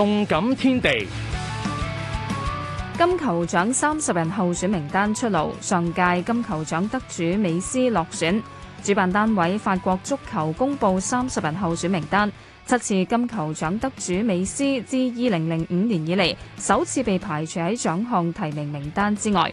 動感天地，金球獎三十人候選名單出爐，上屆金球獎得主美斯落選。主辦單位法國足球公佈三十人候選名單，七次金球獎得主美斯自二零零五年以嚟首次被排除喺獎項提名名單之外。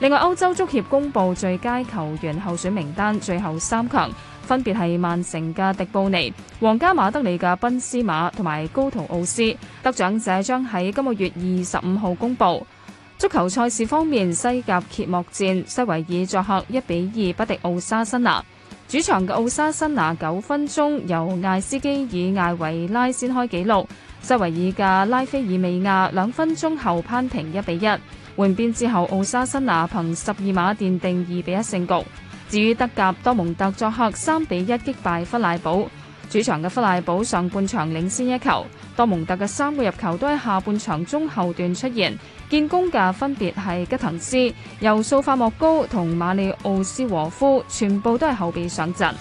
另外，歐洲足協公布最佳球員候選名單，最後三強分別係曼城嘅迪布尼、皇家馬德里嘅賓斯馬同埋高圖奧斯，得獎者將喺今個月二十五號公布。足球賽事方面，西甲揭幕戰，塞維爾作客一比二不敵奧沙辛拿。主場嘅奧沙辛拿九分鐘由艾斯基爾艾維拉先開紀錄，塞維爾嘅拉斐爾美亞兩分鐘後攀平一比一。換邊之後，奧沙辛拿憑十二碼奠定二比一勝局。至於德甲，多蒙特作客三比一擊敗弗賴堡。主場嘅弗賴堡上半場領先一球，多蒙特嘅三個入球都喺下半場中後段出現，建功嘅分別係吉滕斯、尤素法莫高同馬里奧斯和夫，全部都係後備上陣。